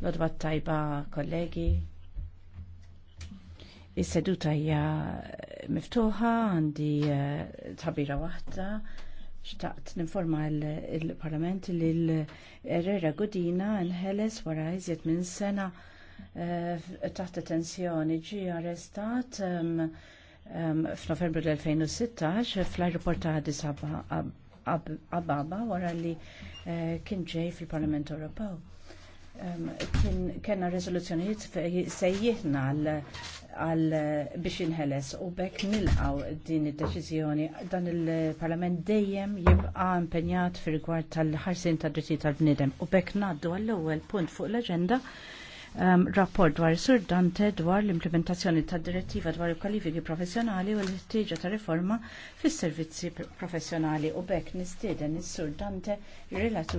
Lodwa tajba kollegi. Is-seduta hija miftuħa għandi eh, tabira waħda xtaqt ninforma l-Parlament li l-Herrera Gudina nħeles wara iżjed minn sena eh, taħt attenzjoni ġi arrestat ehm, ehm, f'Novembru l-2016 fl-aeroport ta' Addis Ababa wara li eh, kien ġej fil-Parlament Ewropew kena rezoluzzjonijiet sejjihna għal biex inħeles u bekk nilqaw din id-deċiżjoni dan il-Parlament dejjem jibqa' impenjat fir rigward tal-ħarsin tad-drittijiet tal bnidem u bekk ngħaddu għall-ewwel punt fuq l-aġenda um, rapport dwar Sur Dante dwar l-implementazzjoni ta' direttiva dwar il-kwalifiki professjonali u l-ħtieġa ta' riforma fis servizzi professjonali u bekk nistieden is-Sur Dante relatur